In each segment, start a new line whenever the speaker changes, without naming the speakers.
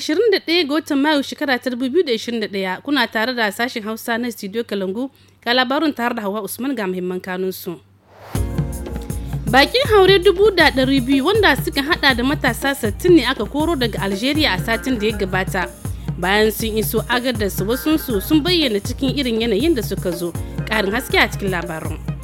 21 ga watan Mayu shekara ta 2021 kuna tare da sashen Hausa na Studio Kalangu ga labarin tare da Hawa Usman ga muhimman kanunsu. Bakin haure 200,000 wanda suka hada da matasa 60 ne aka koro daga Algeria a satin da ya gabata. Bayan sun iso agar da su wasunsu sun bayyana cikin irin yanayin da suka zo. Ƙarin haske a cikin labarin.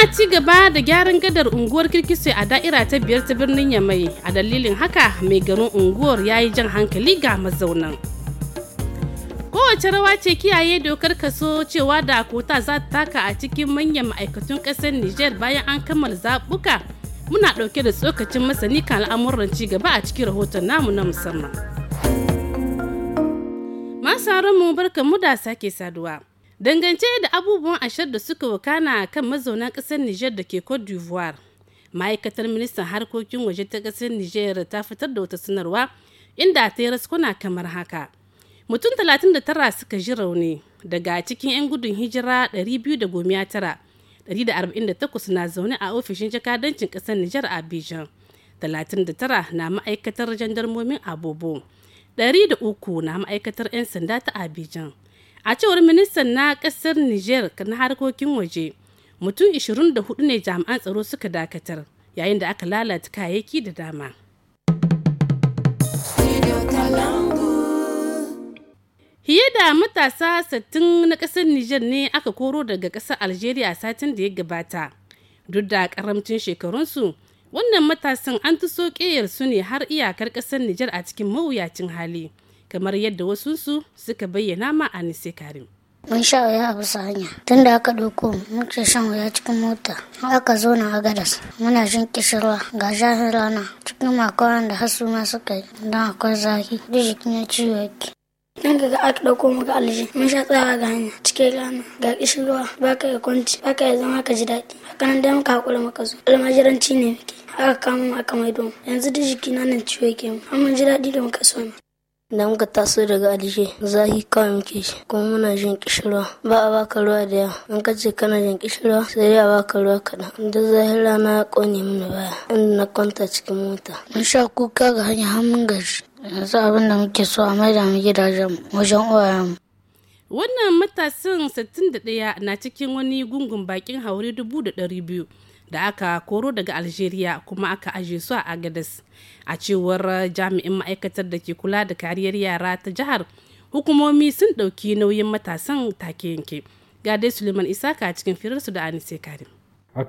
ana ci gaba da gyaran gadar unguwar kirkise a da'ira ta biyar ta birnin yamai a dalilin haka mai garin unguwar ya yi jan hankali ga mazaunan kowace rawa ce kiyaye dokar kaso cewa da kota za ta taka a cikin manyan ma'aikatun ƙasar niger bayan an kammala zaɓuka muna ɗauke da tsokacin masani kan al'amuran ci gaba a cikin rahoton namu na musamman masu mu barka mu da sake saduwa dangance da abubuwan ashar da suka wakana kan mazauna ƙasar Nijar da ke cote d'ivoire ma'aikatar ministan harkokin waje ta kasar niger ta fitar da wata sanarwa inda ta yi raskuna kamar haka mutum 39 suka ji rauni daga cikin 'yan gudun hijira 249 148 na zaune a ofishin jakadancin ƙasar Nijar a abidjan 39 na ma'aikatar jandarmomin abobo 300 na ma'aikatar 'yan sanda ta abidjan a cewar ministan na kasar niger na harkokin waje mutum 24 ne jami'an tsaro suka dakatar yayin da aka lalata kayayyaki da dama Fiye da matasa sattin na ƙasar Nijar ne aka koro daga ƙasar Algeria a satin da ya gabata. Duk da karamcin shekarunsu, wannan matasan an tuso su ne har iyakar ƙasar Nijar a cikin mawuyacin hali. kamar yadda wasunsu suka bayyana ma Anise Karim. mun sha wuya a bisa hanya tun da aka ɗauko muke shan wuya cikin mota aka zo na agadas muna jin kishirwa ga jahin rana cikin makawan da hasu ma suka yi don akwai zafi da jikin ya ciwo yake nan ga aka ɗauko mu ga alji mun sha tsawa ga hanya cikin rana ga kishirwa ba ka yi kwanci ba ka yi zama ka ji daɗi haka nan dai muka haƙura muka zo almajiranci ne muke aka kama aka maido yanzu duk na nan ciwo yake mu amma ji daɗi da muka so da muka taso daga alishe zahi kawai muke shi kuma muna jin kishirwa ba a baka ruwa da yawa an kace kana jin kishirwa sai dai a baka ruwa kaɗan da zahin rana ya kone mini baya inda na kwanta cikin mota mun sha kuka ga hanya har mun gaji yanzu abin da muke so a maida mu gidajen wajen uwayen wannan matasan 61 na cikin wani gungun bakin haure biyu. da aka koro daga algeria kuma aka aje su a agadas a cewar jami'in ma'aikatar da ke kula da kariyar yara ta jihar hukumomi sun ɗauki nauyin matasan take yanke ga dai suleiman isaka cikin firarsu da anise karim
Euh,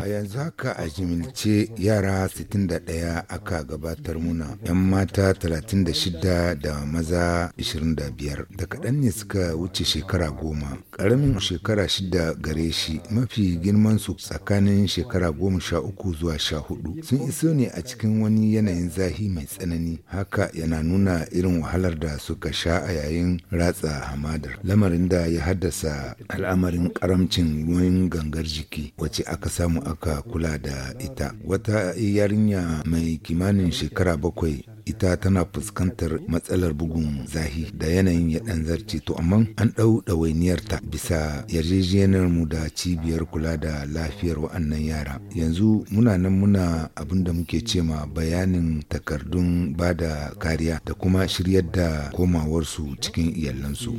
a yanzu haka a jimilce yara 61 aka gabatar muna, 'yan mata 36 da maza 25 da kaɗan ne suka wuce shekara goma. Ƙaramin shekara shida gare shi mafi girman su tsakanin shekara goma sha uku zuwa sha hudu sun iso ne a cikin wani yanayin zahi mai tsanani. Haka yana nuna irin wahalar da suka sha a yayin ratsa hamadar, lamarin da ya haddasa al'amarin karamcin ruwan nauyin gangar jiki wacce aka samu aka kula da ita wata yarinya mai kimanin shekara bakwai ita tana fuskantar matsalar bugun zahi da yanayin ya dan zarce to amma an ɗau ɗawainiyarta bisa yarjejeniyar mu da cibiyar kula da lafiyar wa'annan yara yanzu muna nan muna abin da muke cema bayanin takardun ba da kariya da kuma shiryar da komawarsu cikin iyalansu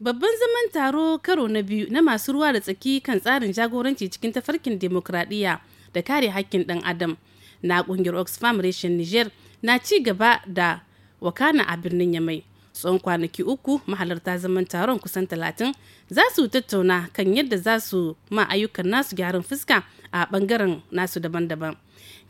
Babban zaman taro karo na biyu na masu ruwa da tsaki kan tsarin jagoranci cikin tafarkin demokradiyya da kare hakkin ɗan adam na ƙungiyar Oxfam reshen Niger na ci gaba da wakana a birnin Yamai. tsohon kwanaki uku mahalarta zaman taron kusan talatin za su tattauna kan yadda za su ma ayyukan nasu gyaran fuska a bangaren nasu daban-daban.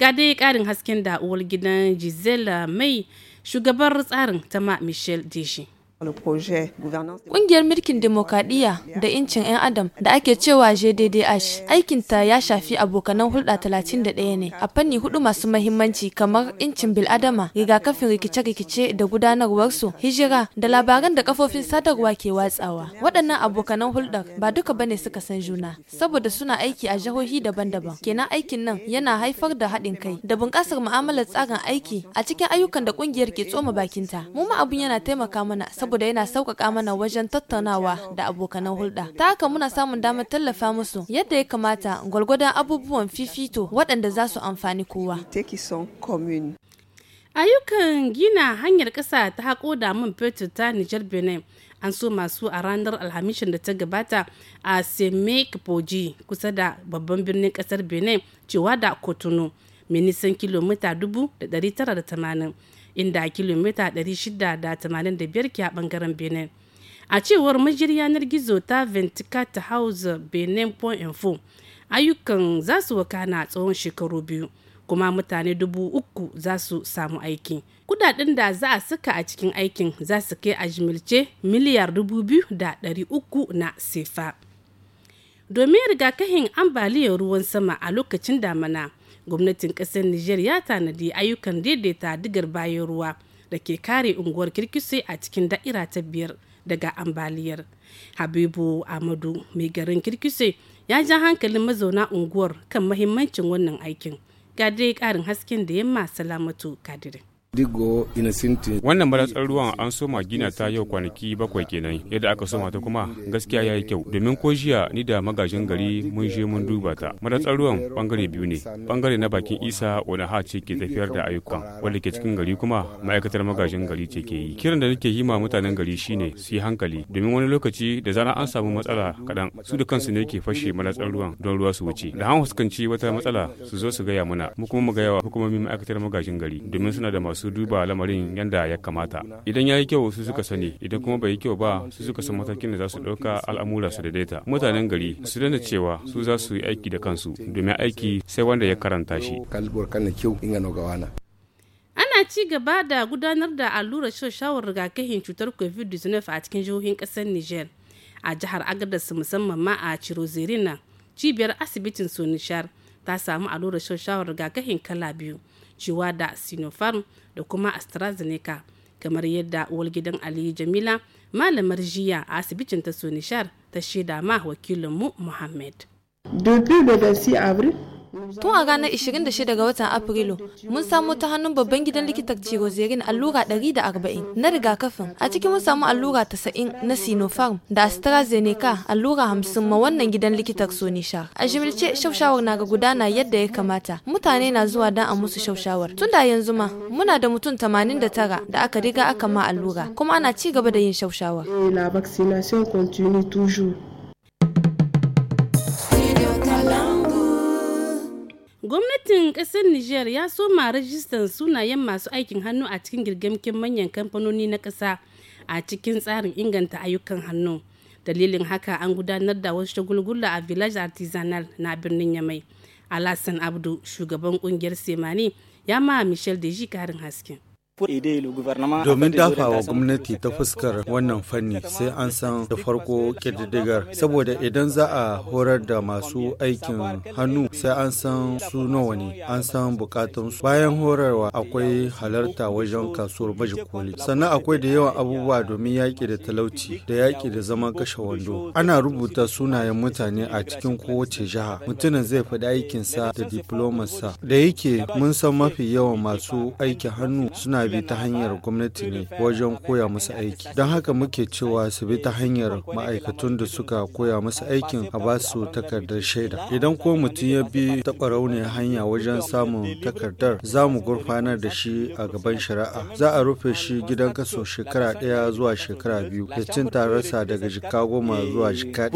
Ga dai ƙarin hasken da uwar gidan Gisela Mai shugabar tsarin tama Michelle Deshi. Ƙungiyar
mulkin demokadiyya da incin 'yan adam da ake cewa JDDH aikinta ya shafi abokanan hulɗa 31 ne a fanni hudu masu mahimmanci kamar incin bil'adama, rigakafin rikice-rikice da gudanarwarsu, hijira da labaran da kafofin sadarwa ke watsawa. Waɗannan abokanan hulɗar ba duka bane suka san juna, saboda suna aiki a jihohi daban-daban. Kenan aikin nan yana haifar da haɗin kai da bunƙasar mu'amalar tsarin aiki a cikin ayyukan da ƙungiyar ke tsoma bakinta. Mu ma abun yana taimaka mana saboda yana sauƙaƙa mana wajen tattaunawa da abokanan hulɗa. Ta haka muna samun damar tallafa musu yadda ya kamata gwalgwadon abubuwan fifito waɗanda za su amfani kowa.
Ayyukan gina hanyar ƙasa ta haƙo da mun fetur ta Nijar Benin an so masu a ranar alhamishin da ta gabata a Seme Kpoji kusa da babban birnin ƙasar Benin cewa da Kotono mai nisan kilomita 1980. inda kilomita 685 ke a bangaren benin a cewar majiyar yanar gizo ta venticata house benin info ayyukan za su wakana tsawon shekaru biyu kuma mutane dubu uku za su samu aiki kudaden da za a saka a cikin aikin za su kai a jimilce miliyar dubu biyu da ɗari uku na sefa domin rigakafin ambaliyar ruwan sama a lokacin damana gwamnatin ƙasar niger ya tanadi ayyukan daidaita digar bayan ruwa da ke kare unguwar kirkise a cikin da'ira ta biyar daga ambaliyar habibu amadu mai garin kirkise ya ja hankalin mazauna unguwar kan mahimmancin wannan aikin ga dai ƙarin hasken da yamma salamatu kadiri
digo Wannan maratsar ruwan an soma gina ta yau kwanaki bakwai kenan yadda aka soma ta kuma gaskiya ya yi kyau domin ko jiya ni da magajin gari mun je mun duba ta. Maratsar ruwan bangare biyu ne bangare na bakin isa wani ha ce ke tafiyar da ayyukan wanda ke cikin gari kuma ma'aikatar magajin gari ce ke yi. Kiran da nake yi ma mutanen gari shine su yi hankali domin wani lokaci da zana an samu matsala kaɗan su da kansu ne ke fashe maratsar ruwan don ruwa su wuce. Da an fuskanci wata matsala su zo su gaya mana mu kuma mu gaya wa hukumomin ma'aikatar magajin gari domin suna da masu su duba lamarin yadda ya kamata idan ya yi kyau su suka sani idan kuma bai yi kyau ba su suka san matakin da za su ɗauka al'amura su daidaita mutanen gari su dana cewa su za su yi aiki da kansu domin aiki sai wanda ya karanta shi
ana ci gaba da gudanar da allurar shan shawar rigakafin cutar covid-19 a cikin jihohin kasar niger a jihar agadas musamman ma a cirozerina cibiyar asibitin sonishar ta samu allurar shan shawar rigakafin kala biyu cewa da sinopharm da kuma astrazeneca kamar yadda uwar gidan aliyu jamila malamar jiya a asibitin ta sonishar ta shaida ma wakilinmu muhammad depuis le 26 avril
Tun a ranar 26 ga watan Afrilu, mun samu ta hannun babban gidan likitar Cirozerin allura 140 na rigakafin. A cikin mun samu allura 90 na Sinopharm da AstraZeneca allura 50 ma wannan gidan likitar Sonisha. A jimilce shaushawar na ga gudana yadda ya kamata. Mutane na zuwa don a musu shaushawar. Tun da yanzu ma muna da mutum 89 da aka riga aka ma allura kuma ana ci gaba da yin shaushawar. La vaccination continue toujours.
Gwamnatin ƙasar Nijar ya soma rajistan sunayen masu aikin hannu a cikin girgamkin manyan kamfanoni na ƙasa a cikin tsarin inganta ayyukan hannu. Dalilin haka an gudanar da wasu shagulgula a Village Artisanal na birnin Yamai. alasan Abdu, shugaban ƙungiyar Semani, ya ma Michel Deji karin hasken.
Domin wa gwamnati ta fuskar wannan fanni sai an san da farko ƙididdigar, saboda idan za a horar da masu aikin hannu sai an san su nawa ne, an san bukatunsu. Bayan horarwa akwai halarta wajen kasuwar Baji koli. Sannan akwai da yawan abubuwa domin yaƙi da talauci da yaƙi da zaman kashe wando. Ana rubuta sunayen mutane a cikin kowace jiha. Mutumin zai faɗi aikinsa da diplomarsa. Da yake mun san mafi yawan masu aikin hannu suna suna bi ta hanyar gwamnati ne wajen koya musu aiki. Don haka muke cewa su bi ta hanyar ma'aikatun da suka koya musu aikin a ba su takardar shaida. Idan ko mutum ya bi taɓarau ne hanya wajen samun takardar za mu gurfanar da shi a gaban shari'a. Za a rufe shi gidan kaso shekara ɗaya zuwa shekara biyu da cin tararsa daga jika goma zuwa jika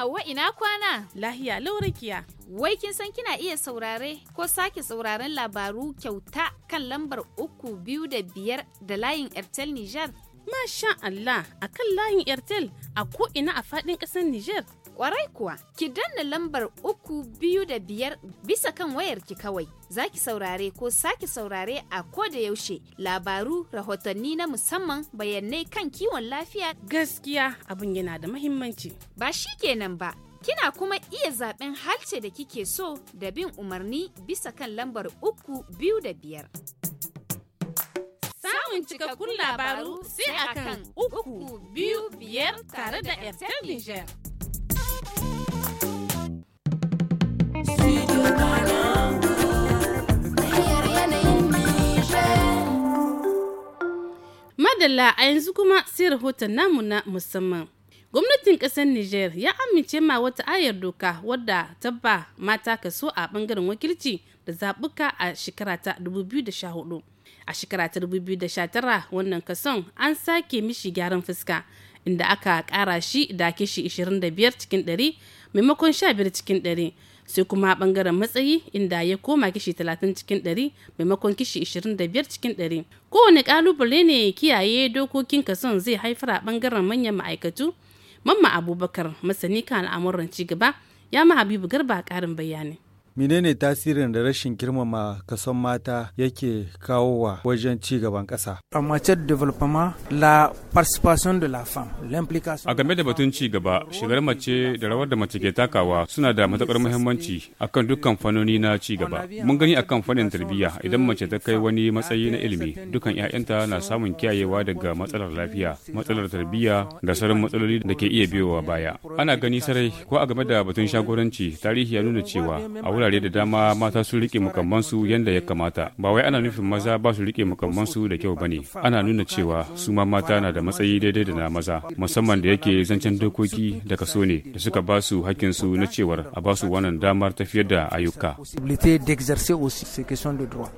hawa ina kwana? Lahiya laurakiya. Wai kin san kina iya saurare ko sake sauraren labaru kyauta kan lambar uku biyu da biyar da layin Airtel Niger? Masha Allah a kan layin Airtel a ko'ina a faɗin ƙasar Niger. Kwarai kuwa, ki danna lambar uku biyu da biyar bisa kan wayarki kawai. Za ki saurare ko sake saurare a ko da yaushe labaru, rahotanni na musamman bayanai kan kiwon lafiya. Gaskiya abin yana da mahimmanci. Ba shi kenan ba, Kina kuma iya zaben halce da kike so da bin umarni bisa kan lambar uku biyu da biyar. Samun cikakkun labaru sai akan uku biyu biyar tare da
Airtel Niger.
Madalla a yanzu kuma sai rahoton namu na musamman. gwamnatin kasar niger ya amince ma wata ayar doka wadda ta ba mata kaso a bangaren wakilci da zabuka a shekara ta 2014 a shekara ta 2019 wannan kason an sake mishi gyaran fuska inda aka ƙara shi da kishi 25 cikin 100 maimakon 15 cikin 100 sai kuma bangaren matsayi inda ya koma kishi 30 cikin 100 maimakon kishi 25 cikin 100 kowane kalubale ne kiyaye dokokin kason zai haifar a bangaren manyan ma'aikatu Mamma Abubakar masani kan al'amuran ci gaba ya ma Habibu Garba ƙarin bayani.
Menene tasirin da rashin girmama kason mata yake kawowa wajen ci gaban ƙasa? A
game da batun ci gaba, shigar mace da rawar da mace ke takawa suna da matakar muhimmanci akan dukkan fanoni na ci gaba. Mun gani akan fannin tarbiyya idan mace ta kai wani matsayi na ilimi, dukkan 'ya'yanta na samun kiyayewa daga matsalar lafiya, matsalar tarbiyya da sauran matsaloli da ke iya biyowa baya. Ana gani sarai ko a game da batun shagoranci, tarihi ya nuna cewa a wurare da dama mata sun rike mukammansu yadda ya kamata ba wai ana nufin maza ba su rike mukammansu da kyau bane ana nuna cewa su ma mata na da matsayi daidai da na maza musamman da yake zancen dokoki da kaso ne da suka ba su hakkin su na cewar a ba su wannan damar tafiyar da ayyuka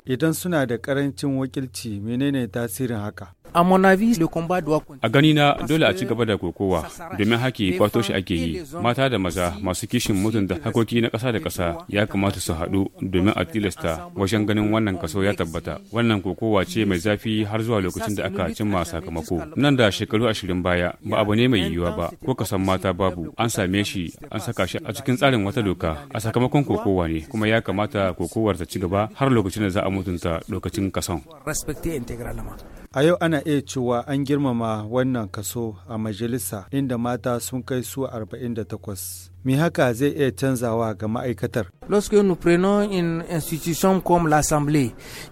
idan suna da karancin wakilci menene tasirin haka A
gani na dole a ci gaba da kokowa domin haƙƙi kwato shi ake yi mata da maza masu kishin mutunta hakoki na ƙasa da ƙasa ya kamata su haɗu domin a tilasta wajen ganin wannan kaso ya tabbata wannan kokowa ce mai zafi har zuwa lokacin da aka cimma sakamako nan da shekaru ashirin baya ba abu ne mai yiwuwa ba ko kasan mata babu an same shi an saka shi a cikin tsarin wata doka a sakamakon kokowa ne kuma ya kamata kokowar ta ci gaba har lokacin da za a mutunta lokacin kason.
A yau ana iya cewa an girmama wannan kaso a majalisa inda mata sun kai su 48. me haka zai iya canzawa ga ma'aikatar. institution comme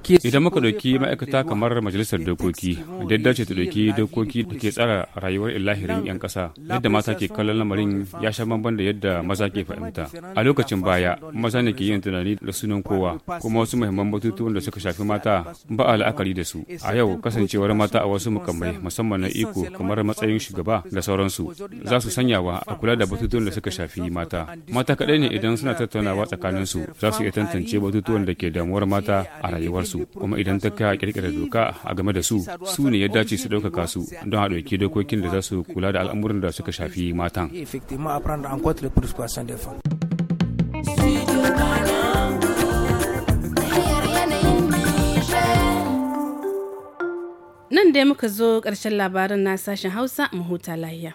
Idan
muka dauki ma'aikata kamar majalisar dokoki, da dace ta dauki dokoki da ke tsara rayuwar ilahirin 'yan ƙasa, yadda mata ke kallon lamarin ya sha bamban da yadda maza ke fahimta. A lokacin baya, maza ne ke yin tunani da sunan kowa, kuma wasu muhimman batutuwan da suka shafi mata ba a la'akari da su. A yau, kasancewar mata a wasu mukammai musamman na iko kamar matsayin shugaba da sauransu, za su sanyawa a kula da batutuwan da suka shafi fi mata mata kaɗai ne idan suna tattaunawa tsakaninsu za su iya tantance batutuwan da ke damuwar mata a rayuwarsu kuma idan ta kai kirkira doka a game da su su ne ya dace su ɗaukaka su don a ɗauki dokokin da za su kula da al'amuran da suka shafi matan
Nan dai muka zo ƙarshen labarin na sashen Hausa mu huta lahiya.